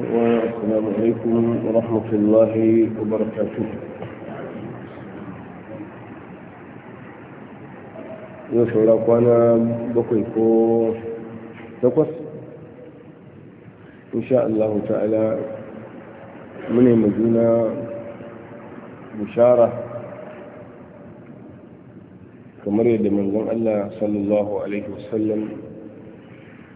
والسلام عليكم ورحمة الله وبركاته yau shaura kwana bakwai ko takwas insha Allah ta'ala mune mu juna bishara kamar yadda manzon Allah sallallahu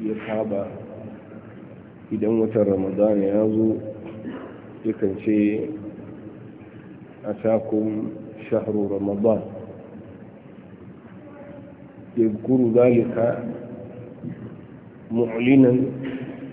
ya saba idan watan ramadan ya zo yakan ce a takun shahru ramadan ya guru يذكر ذلك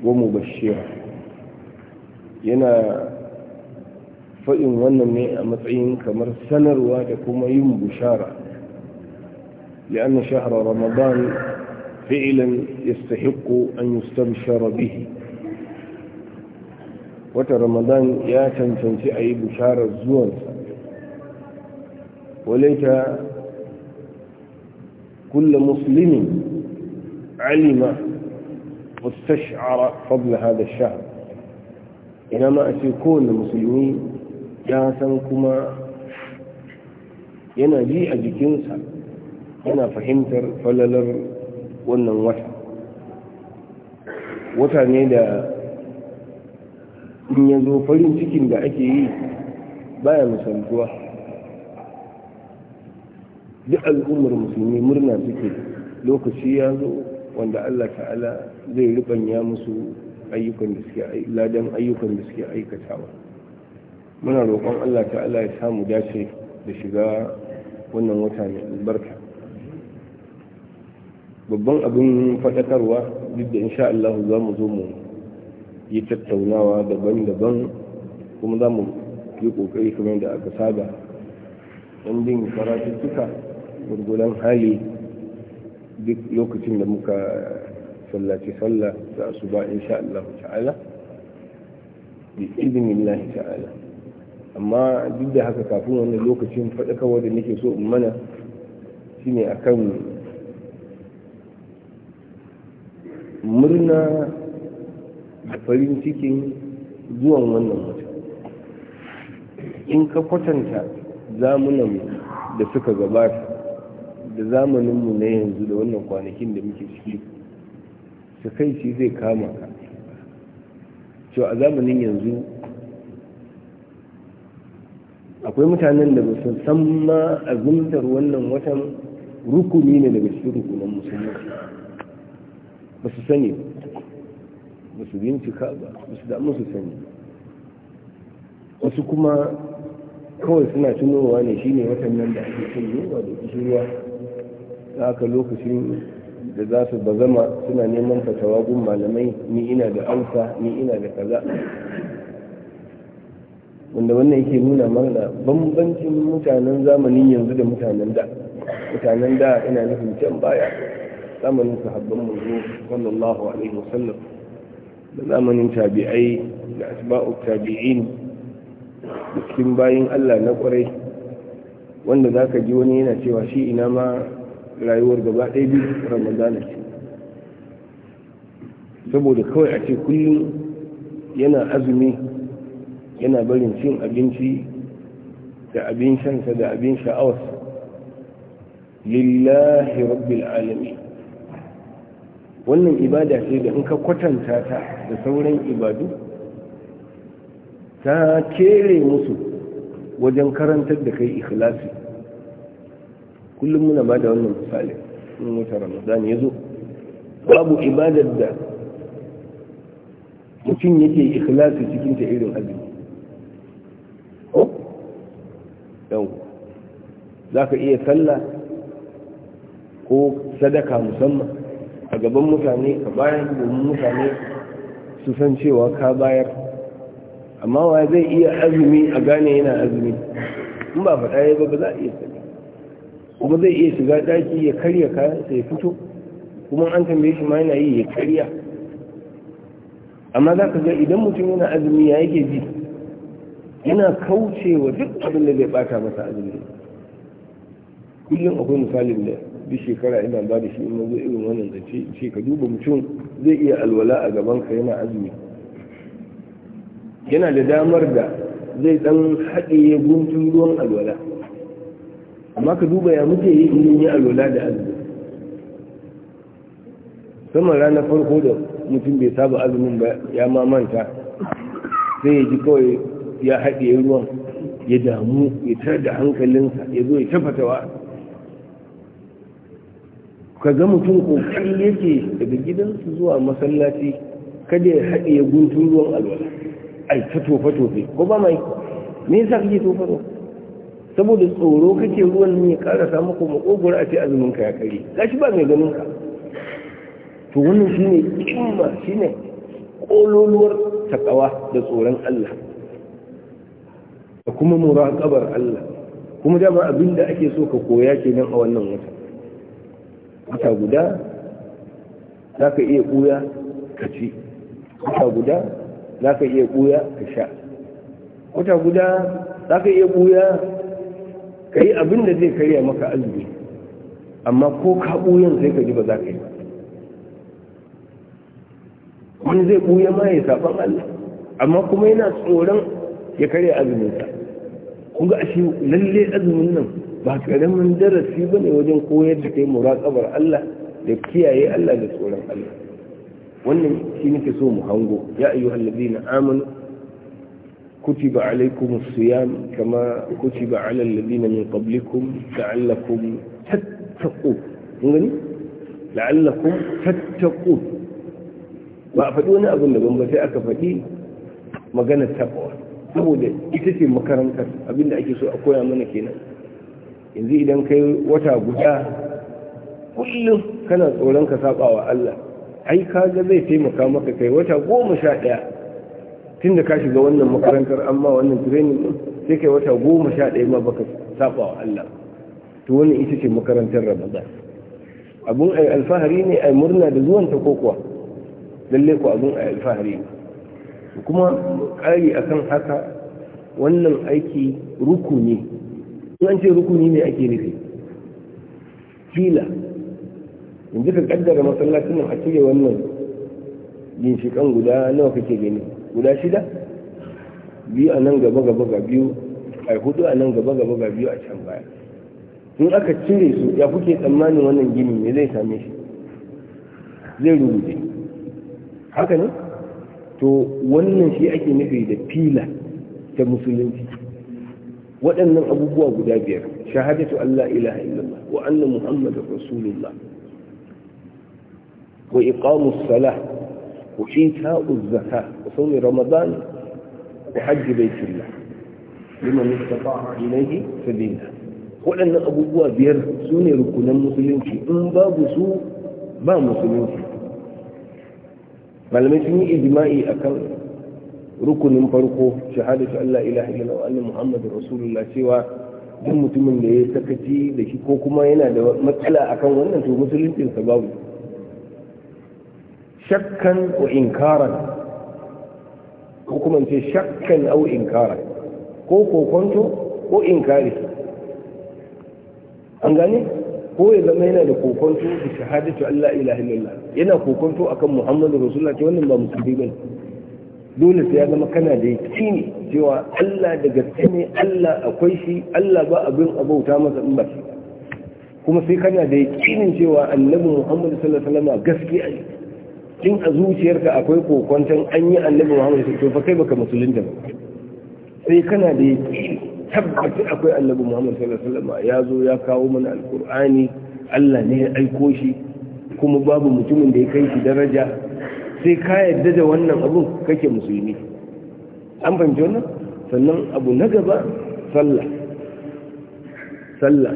wa mubashira yana fa'in wannan ne a matsayin kamar sanarwa da kuma yin bushara li'anna shahara ramadan fi'ilan يستحق أن يستبشر به وتر رمضان ياتن تنسي أي بشارة الزوان وليت كل مسلم علم واستشعر فضل هذا الشهر إنما أسيكون المسلمين ياتن كما ينجي أجكنسا أنا فهمت فللر ونن وحب wata ne da in ya zo farin cikin da ake yi baya misaltuwa duk al'ummar musulmi murna suke lokaci ya zo wanda allah ta'ala zai ribanya musu ayyukan da suke ladan ayyukan da suke aikatawa muna roƙon allah ta'ala ya samu dace da shiga wannan wata mai albarka babban abin faɗakarwa duk da insha Allah za mu zo mu yi tattaunawa daban-daban kuma za mu yi ƙoƙari kamar da aka saba don bin karatuttuka gurgudan hali duk lokacin da muka sallaci sallah da asuba insha Allah ta'ala bi Allah ta'ala amma duk da haka kafin wannan lokacin faɗakarwa da nake so in mana shine akan murna da farin cikin zuwan wannan mutum in ka kwatanta zamunanmu da suka gabata da zamaninmu na yanzu da wannan kwanakin da muke ciki su kai shi zai kama ka cewa a zamanin yanzu akwai mutanen da ba su san ma azumtar wannan watan rukuni ne daga cikin rukunan musulunci ba su sani ba su bincika ba ba su damu su sani wasu kuma kawai suna tunowa ne shine watan nan da ake cin yunwa da kusurwa ta haka lokacin da za su bazama suna neman fatawa gun malamai ni ina da amsa ni ina da kaza wanda wannan yake nuna mana bambancin mutanen zamanin yanzu da mutanen da mutanen da ina nufin can baya zamanin sahabban manzo sallallahu alaihi wasallam da zamanin tabi'ai da asba'u tabi'in da cikin bayin Allah na kwarai wanda za ka ji wani yana cewa shi ina ma rayuwar gaba ɗaya biyu ramadana ce saboda kawai a ce kullum yana azumi yana barin cin abinci da abin shansa da abin sha'awarsa lillahi rabbil alamin wannan ibada ce da in ka kwatanta ta da sauran ibadu ta kere musu wajen karantar da kai ikhlasi kullum muna ba da wannan misali in wata ramadan ya zo babu ibadar da mutum yake ikhlasi cikin ta irin azumi yau za ka iya sallah ko sadaka musamman a gaban mutane a bayar domin mutane su san cewa ka bayar amma wa zai iya azumi a gane yana azumi in ba faɗa ya ba ba za a iya sani kuma zai iya shiga daki ya karya kayansa ya fito kuma an tambaye shi ma yana yi ya karya amma za ka ga idan mutum yana azumi ya yake ji yana kaucewa duk abin da zai bata masa azumi kullum akwai misalin da duk shekara ina ba da shi in zo irin wannan zance ce ka duba mutum zai iya alwala a gaban ka yana azumi yana da damar da zai dan haɗe guntun ruwan alwala amma ka duba ya muke yi in yi alwala da azumi saman ranar farko da mutum bai saba azumin ba ya mamanta sai ya ji kawai ya haɗe ruwan ya damu ya tar da hankalinsa ya zo ya tafata wa. ka ga mutum kokari yake daga gidansu zuwa masallaci kada ya haɗe guntun ruwan alwala ai ta tofa tofe ko ba mai me yasa kake tofa tofe saboda tsoro kake ruwan nan ya karasa maka makogoro a ce azumin ka ya kare gashi ba mai ganin ka to wannan shine kimma shine kololuwar takawa da tsoron Allah da kuma muraqabar Allah kuma dama abinda ake so ka koya kenan a wannan wata wata guda za ka iya ɓuya ka ci wata guda za ka iya ɓuya ka sha wata guda za ka iya ɓuya ka yi abin da zai karya maka azumi amma ko ka ɓuyan sai ka ji ba za ka yi wani zai ɓuya ma ya saɓan Allah amma kuma yana tsoron ya karya azuminsa kun ga ashe lalle azumin nan ba karamin darasi ba ne wajen koyar da kai muraƙabar Allah da kiyaye Allah da tsoron Allah wannan shi nake so mu hango ya ayyu allazina amanu kutiba alaykum as-siyam kama kutiba ala allazina min qablikum la'allakum tattaqun kun gani la'allakum tattaqun ba a faɗi wani abin daban ba sai aka faɗi magana taqwa saboda ita ce makarantar abinda ake so a koya mana kenan yanzu idan kai wata guda kullum kana tsoron ka saba wa Allah ai kaga zai taimaka maka kai wata goma sha ɗaya tun da ka shiga wannan makarantar amma wannan training din sai kai wata goma sha ɗaya ma baka saba wa Allah to wannan ita ce makarantar Ramadan abun ai alfahari ne ai murna da zuwan ta ko kuwa lalle ko abun ai alfahari ne kuma ƙari akan haka wannan aiki rukuni an ce rukuni ne ake nufi kila in ji ka kaddara masallacin nan a cire wannan ginshikan guda nawa kake gani guda shida biyu a nan gaba gaba ga biyu a hudu a nan gaba gaba ga biyu a can baya in aka cire su ya kuke tsammanin wannan gini ne zai same shi zai rubuce haka ne to wannan shi ake nufi da fila ta musulunci waɗannan abubuwa guda biyar shahadatu Allah ilaha illallah wa anna muhammadar rasulullah wa iqamus salah wa ita'uz zakah wa ramadan wa Hajji baitillah liman sabila waɗannan abubuwa biyar su ne rukunan musulunci in babu su ba musulunci malamai sun yi ijma'i akan rukunin farko shahada shahadatu Allah ilaha illallah wa anna muhammadur rasulullah cewa duk mutumin da ya sakaci da shi ko kuma yana da matsala akan wannan to musuluncin sa babu shakkan wa inkaran ko kuma ce shakkan au inkaran ko kokonto ko inkari an gane ko ya zama yana da kokonto da shahadatu Allah ilaha illallah yana kokonto akan muhammadu rasulullah ce wannan ba musulmi bane dole sai ya zama kana da yakini cewa Allah da gaske ne Allah akwai shi Allah ba abin abauta masa in ba shi kuma sai kana da yakinin cewa annabi Muhammad sallallahu alaihi wasallam gaskiya ne in a zuciyarka akwai kokwanton an yi annabi Muhammad sallallahu alaihi wasallam kai baka musulunta ba sai kana da yakini tabbata akwai annabi Muhammad sallallahu alaihi wasallam ya zo ya kawo mana alqur'ani Allah ne ya aiko shi kuma babu mutumin da ya kai shi daraja sai ka yadda da wannan abun kake musulmi an fahimci wannan sannan abu na gaba sallah sallah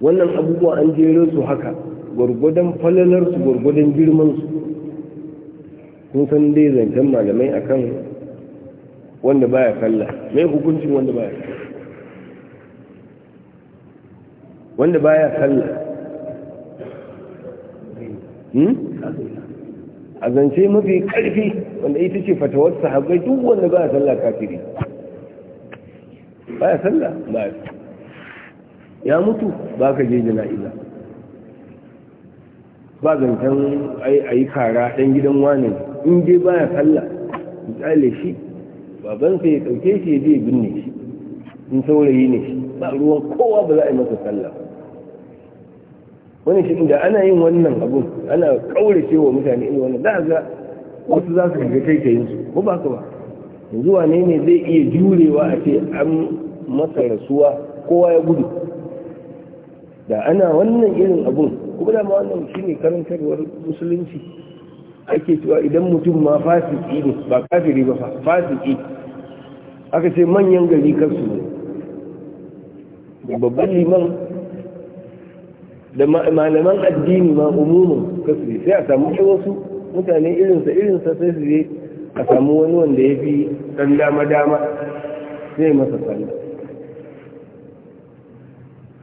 wannan abubuwa an jere su haka gwargwadon su gwargwadon su kun san dai zancen malamai akan wanda baya sallah mai hukuncin wanda baya wanda baya sallah hmm? a zance mafi karfi wanda ita ce fatawar sahabbai duk wanda ba a sallah kafiri ba a sallah ba ya mutu ba ka je jana'iza ba zancen a yi kara ɗan gidan wani in dai ba ya sallah misali shi babansa ya ɗauke shi ya je binne shi in saurayi ne shi ba ruwan kowa ba za a yi masa sallah wani shi inda ana yin wannan abun ana kaurace wa mutane irin wannan za ga wasu za su shiga kai kayin su ko ba ka ba yanzu wane ne zai iya jurewa a ce an masa rasuwa kowa ya gudu da ana wannan irin abun kuma da ma wannan shine karantarwar musulunci ake cewa idan mutum ma fasiki ne ba kafiri ba fasiki aka ce manyan gari kansu ne babban liman da malaman addini ma umumin kasu sai a samu wasu mutane irinsa irinsa sai su je a samu wani wanda ya fi ɗan dama-dama zai masa sanda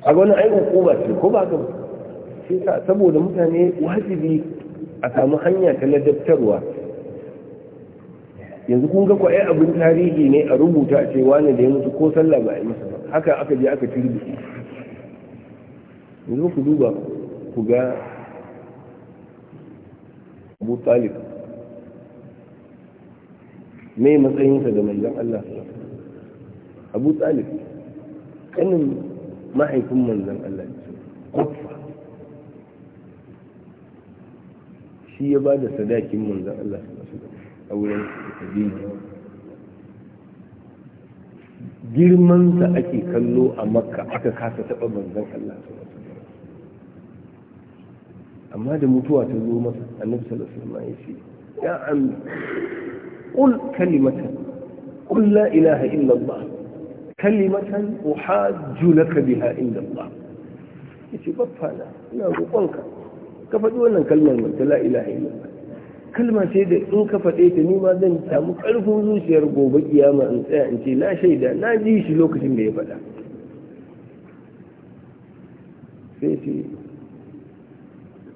a wani ko koba ce ko ba ka sai sa saboda mutane wajibi a samu hanya ta ladabtarwa yanzu kun ga kwaye abin tarihi ne a rubuta a cewa ne da ya mutu ko sallah ba a yi masa ba haka aka je aka turbi yanzu ku duba ku ga abu talib mai matsayinsa mai zan Allah abu talib kanin mahaifin manzan Allah kufa shi ya ba da sadakin manzan Allah a wurin Khadija girmansa ake kallo a makka aka kasa taɓa manzan Allah sallallahu amma da mutuwa ta zo masa annabi sallallahu alaihi wasallam ya ce ya ammi qul kalimatan qul la ilaha illa allah kalimatan uhajju laka biha inda allah yace baffa na ina roƙonka ka Ka faɗi wannan kalmar mai ta la ilaha illa allah kalma ce da in ka faɗe ta ni ma zan samu ƙarfin zuciyar gobe kiyama in tsaya in ce na shaida na ji shi lokacin da ya faɗa sai ce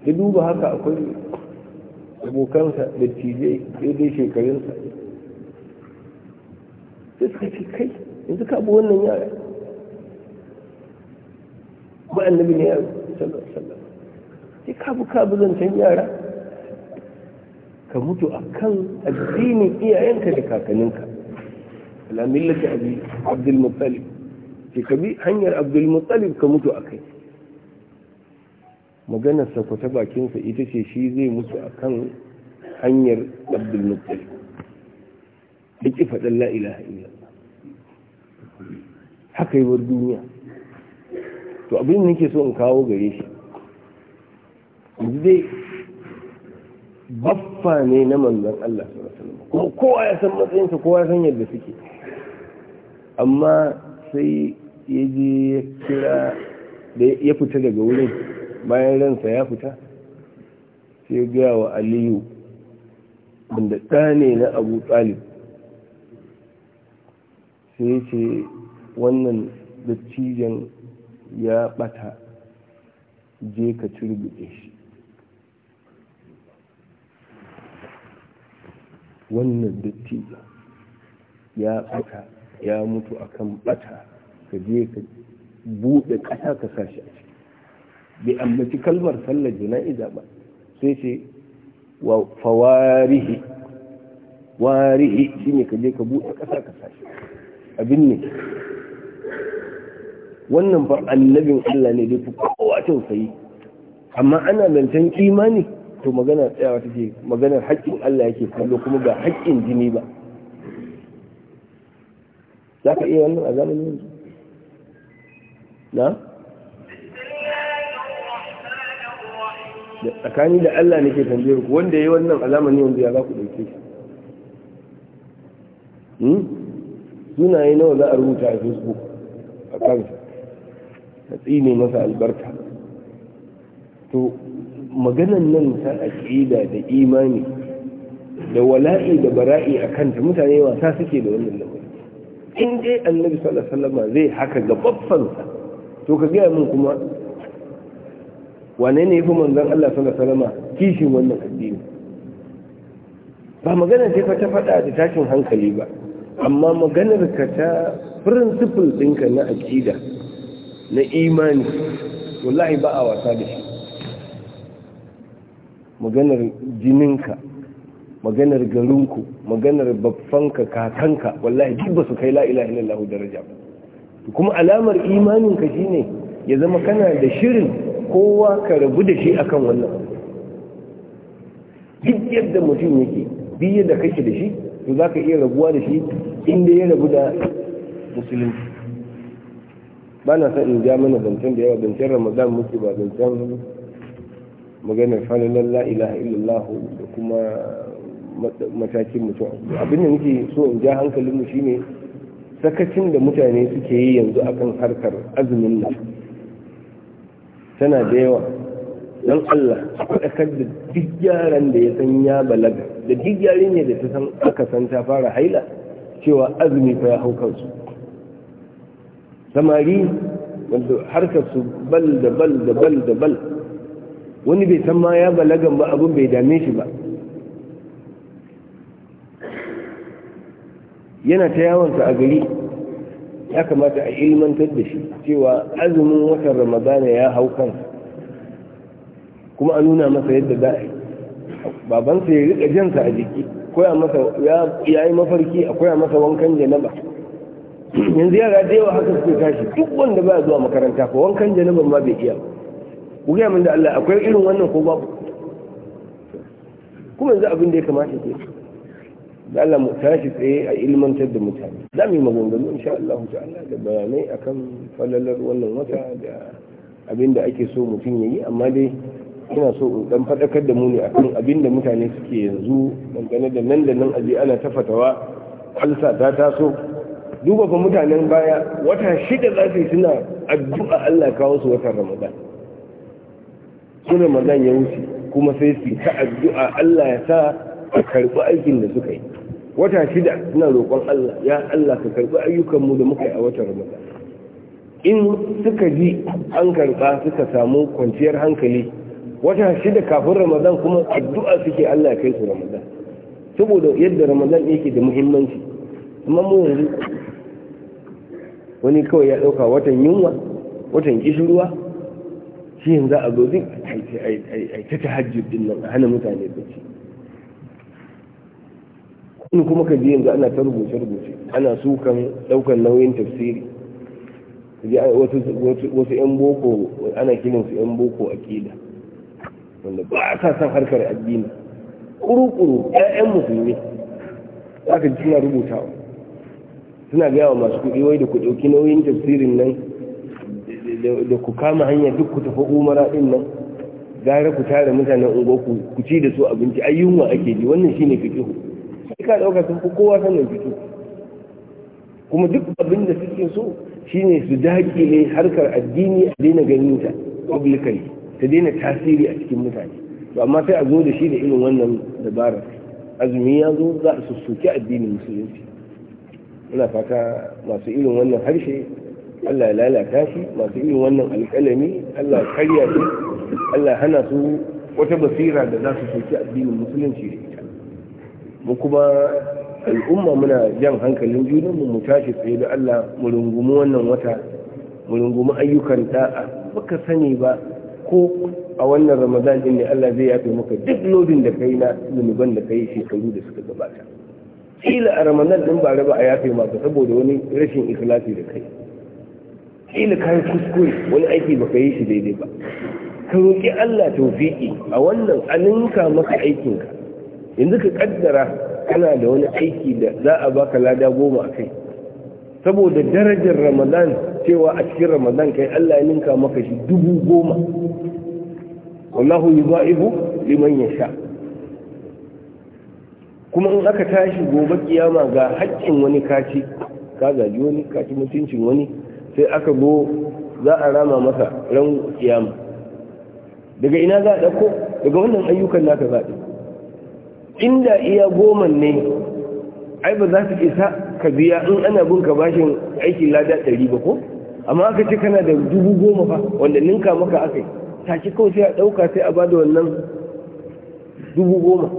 ya duba haka akwai abokansa da tijai daidai shekarunsa sai suka ce kai yanzu ka abu wannan yara ba annabi ne yaro sallallahu alaihi wasallam sai ka bu ka zancen yara ka mutu a kan addinin iyayenka da kakanninka al'amillata abi abdulmuttalib ce ka bi hanyar abdulmuttalib ka mutu a kai maganarsa ku ta bakinsa ita ce shi zai mutu a kan hanyar abdul muttal da ki faɗin la'ilaha illallah haka wa duniya to abin da nake so in kawo gare shi zai baffa ne na manzan Allah kuma kowa ya san matsayinsa kowa ya san yadda suke amma sai ya je ya kira da ya fita daga wurin bayan ransa ya fita sai gaya wa aliyu wanda ɗa ne na abu talib sai ce wannan dattijan ya ɓata je ka turbuɗe shi wannan dattijan ya ɓata ya mutu akan ɓata ka je ka buɗe ƙasa ka sashi shi a ciki bai ambaci kalmar sallar jana'iza ba sai ce wa fawarihi warihi shine ka je ka buɗe ƙasa ka sashi abin ne wannan ba annabin Allah ne dai kowa tausayi amma ana zancen imani to magana tsayawa take maganar haƙƙin Allah yake kallo kuma ga haƙƙin jini ba za ka iya wannan a zamanin yanzu na tsakani da Allah nake tambayar ku wanda yayi wannan alama ne wanda ya za ku dauke shi hmm yi nawa za a rubuta a Facebook a kansa tsine masa albarka to maganan nan ta aqida da imani da wala'i da bara'i a kanta mutane wasa suke da wannan lamarin in dai annabi sallallahu alaihi wasallam zai haka ga to ka gaya min kuma wane ne yafi manzon Allah sallallahu alaihi wasallam kishin wannan addini ba magana ce ta faɗa da tashin hankali ba amma maganar ka ta principle ɗinka na aƙida na imani wallahi ba a wasa da shi maganar jininka maganar garinku maganar babbanka kakanka wallahi duk ba su kai la ilaha illallah daraja ba kuma alamar imaninka shine ya zama kana da shirin kowa ka rabu da shi akan wannan duk yadda mutum yake duk yadda kake da shi to za ka iya rabuwa da shi inda ya rabu da musulunci ba na san in ja mana zancen da yawa zancen ramadan muke ba zancen maganar fanin lalla ilaha illallah da kuma matakin mutum abin da nake so in ja hankalinmu shine sakacin da mutane suke yi yanzu akan harkar azumin nan tana da yawa don Allah faɗakar da duk yaran da ya san ya balaga da duk ne da ta san aka san ta fara haila cewa azumi fa ya hau kansu samari wanda harkar su bal da bal da bal da bal wani bai san ma ya balagan ba abin bai dame shi ba yana ta yawonsa a gari ya kamata a ilmantar da shi cewa azumin watan ramadana ya hau kansa kuma a nuna masa yadda za a yi babansa ya rika jansa a jiki ya yi mafarki a koya masa wankan janaba yanzu yara da yawa haka suke tashi duk wanda ba zuwa makaranta ko wankan janaba ma bai iya ku gaya min da Allah akwai irin wannan ko babu kuma yanzu abin da ya kamata ke da Allah mu tashi tsaye a ilmantar da mutane za mu yi maganganu insha Allah ta'ala da bayanai akan falalar wannan wata da abin da ake so mutum ya yi amma dai ina so in dan faɗakar da mu ne akan abin da mutane suke yanzu dangane da nan da nan aje ana ta fatawa halsa ta taso duba fa mutanen baya wata shida za su yi suna addu'a Allah kawo su watan Ramadan su Ramadan ya wuce kuma sai su ta addu'a Allah ya sa a karɓi aikin da suka yi wata shida suna roƙon Allah ya Allah ka karɓi ayyukanmu da muka yi a watan Ramadan in suka ji an karɓa suka samu kwanciyar hankali wata shida kafin Ramadan kuma addu'a suke Allah ya kai su Ramadan saboda yadda Ramadan yake da muhimmanci amma mu yanzu wani kawai ya ɗauka watan yunwa watan kishirwa shi yanzu a zo duk a ta tahajjud din nan hana mutane bacci in kuma ka ji yanzu ana ta rubuce-rubuce ana sukan daukan nauyin tafsiri wasu 'yan boko ana su 'yan boko kila wanda ba sa san harkar addini kurukuru kuru 'ya'yan za ka ji suna rubutawa suna gaya wa masu kuɗi wai da ku ɗauki nauyin tafsirin nan da ku kama hanya duk ku tafi umara ɗin nan gara ku tare mutanen unguwa ku ci da su abinci ayyunwa ake ji wannan shine fiƙihu ka ɗauka sun fi kowa sannan fito kuma duk abin da suke so shine su daƙile harkar addini a daina ganin ta publicly ta daina tasiri a cikin mutane to amma sai a zo da shi da irin wannan dabarar azumi ya zo za a sussuki addinin musulunci ina fata masu irin wannan harshe Allah ya lalata shi masu irin wannan alƙalami Allah karya shi Allah hana su wata basira da za su soki addinin musulunci da ita mu kuma al'umma muna jan hankalin juna mu tashi tsaye da Allah mu rungumi wannan wata mu rungumi ayyukan da'a baka sani ba ko a wannan ramadan din ne Allah zai yafe maka duk lodin da kai na zunuban da kai shekaru da suka gabata kila a ramadan din ba raba a yafe maka saboda wani rashin ikhlasi da kai kila kai kuskure wani aiki baka yi shi daidai ba ka roki Allah tawfiki a wannan alinka maka aikinka yanzu ka kaddara kana da wani aiki da za a baka lada goma a kai saboda darajar ramadan cewa a cikin ramadan kai allah ya ninka maka shi dubu goma wallahu ihu liman sha. kuma in aka tashi gobe kiyama ga haƙƙin wani kaci ka gaji wani kaci mutuncin wani sai aka go za a rama masa ran kiyama daga ina za a ɗauko daga wannan ayyukan naka zaɓi inda iya goma ne ai ba za su isa ka biya in ana bunka bashin aikin lada ɗari ba ko amma aka ce kana da dubu goma ba wanda ninka maka aka yi take kawai sai a ɗauka sai a bada wannan dubu goma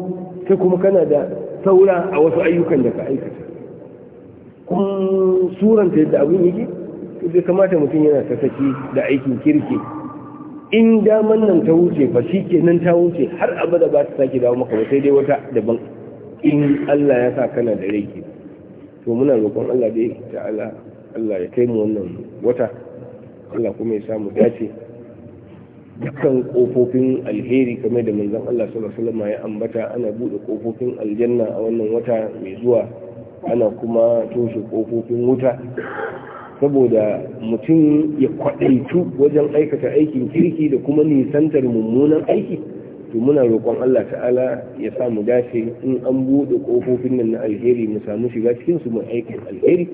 sai kuma kana da saura a wasu ayyukan da ka aikata kun suranta yadda abin yake sai kamata mutum yana ta da aikin kirki in daman nan ta wuce fa shi ke nan ta wuce har abada ba ta sake dawo maka ba sai dai wata daban in Allah ya sa kana da rai ke to muna roƙon Allah dai Allah ya kai mu wannan wata Allah kuma ya samu dace dukkan kofofin alheri kamar da manzon Allah sallallahu alaihi wasallam ya ambata ana bude kofofin aljanna a wannan wata mai zuwa ana kuma toshe kofofin wuta saboda mutum ya kwaɗaitu wajen aikata aikin kirki da kuma nisantar mummunan aiki to muna roƙon Allah ta'ala ya sa mu dace in an buɗe ƙofofin nan na alheri mu samu shiga cikin su mu aikin alheri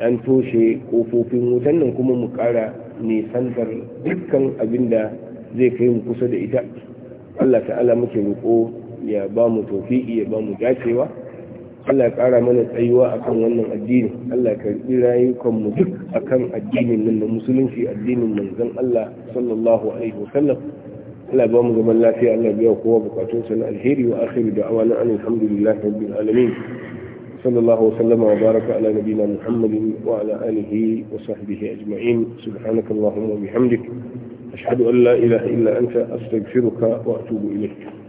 an toshe ƙofofin wutan nan kuma mu ƙara nisantar dukkan abin da zai kai mu kusa da ita Allah ta'ala muke roƙo ya ba mu ya ba mu dacewa Allah ya ƙara mana tsayuwa akan wannan addini Allah ya rayukan rayukanmu duk akan addinin nan da musulunci addinin manzon Allah sallallahu alaihi wasallam Allah ba mu zaman lafiya Allah biya kowa bukatun na alheri wa akhiru da'awana alhamdulillahi rabbil alamin صلى الله وسلم وبارك wa نبينا محمد وعلى آله وصحبه أجمعين سبحانك اللهم وبحمدك أشهد أن لا إله إلا أنت أستغفرك وأتوب إليك